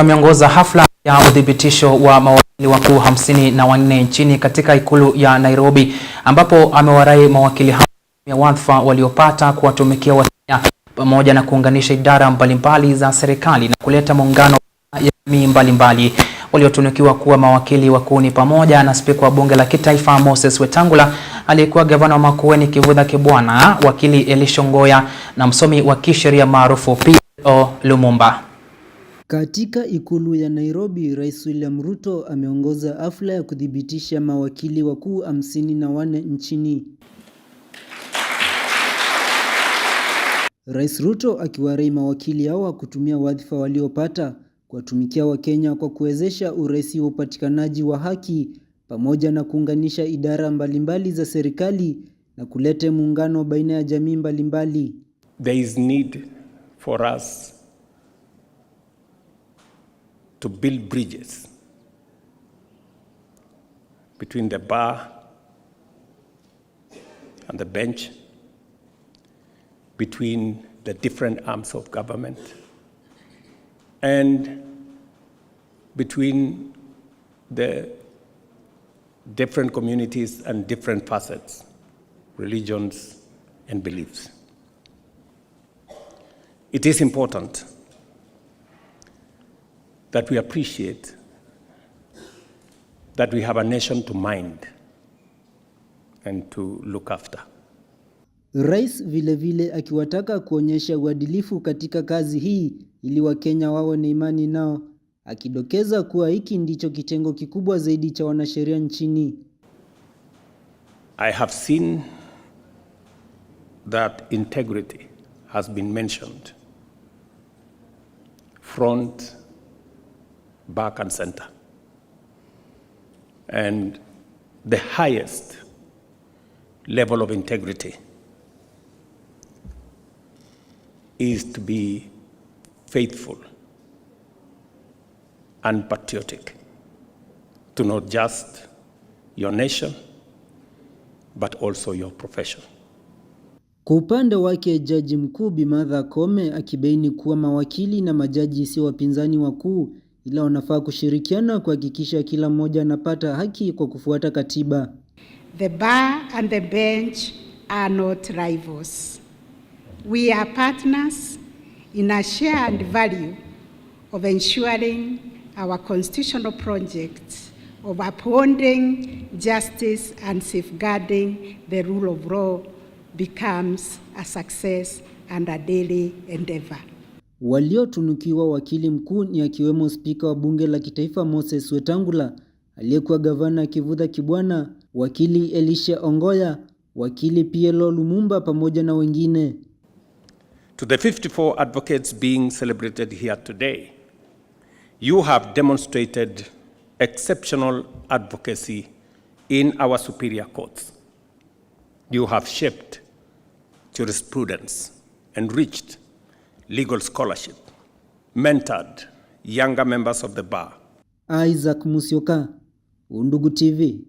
Ameongoza hafla ya uthibitisho wa mawakili wakuu hamsini na wanne nchini katika ikulu ya Nairobi ambapo amewarai mawakili hao ya wadhifa waliopata kuwatumikia Wakenya pamoja na kuunganisha idara mbalimbali za serikali na kuleta muungano ya jamii mbalimbali. Waliotunukiwa kuwa mawakili wakuu ni pamoja na Spika wa Bunge la Kitaifa Moses Wetangula, aliyekuwa gavana wa Makueni Kivutha Kibwana, wakili Elisha Ngoya na msomi wa kisheria maarufu P.O. Lumumba. Katika ikulu ya Nairobi, Rais William Ruto ameongoza hafla ya kuthibitisha mawakili wakuu hamsini na wanne nchini. Rais Ruto akiwarai mawakili hao kutumia wadhifa waliopata kuwatumikia Wakenya kwa kuwezesha urahisi wa upatikanaji wa haki pamoja na kuunganisha idara mbalimbali za serikali na kuleta muungano baina ya jamii mbalimbali. There is need for us to build bridges between the bar and the bench, between the different arms of government, and between the different communities and different facets, religions, and beliefs. It is important that we appreciate that we have a nation to mind and to look after. Rais vile vile akiwataka kuonyesha uadilifu katika kazi hii ili Wakenya wawe na imani nao, akidokeza kuwa hiki ndicho kitengo kikubwa zaidi cha wanasheria nchini. I have seen that integrity has been mentioned. Front back and center. And the highest level of integrity is to be faithful and patriotic to not just your nation but also your profession. Kwa upande wake Jaji Mkuu Bi Martha Koome akibaini kuwa mawakili na majaji sio wapinzani wakuu ila wanafaa kushirikiana kuhakikisha kila mmoja anapata haki kwa kufuata katiba. The bar and the bench are not rivals. We are partners in a shared value of ensuring our constitutional project of upholding justice and safeguarding the rule of law becomes a success and a daily endeavor. Waliotunukiwa wakili mkuu ni akiwemo spika wa bunge la kitaifa Moses Wetangula, aliyekuwa gavana Kivutha Kibwana, wakili Elisha Ongoya, wakili PLO Lumumba pamoja na wengine. To the 54 advocates being celebrated here today, you have demonstrated exceptional advocacy in our superior courts. You have shaped jurisprudence and reached legal scholarship, mentored younger members of the bar. Isaac Musyoka, Undugu TV.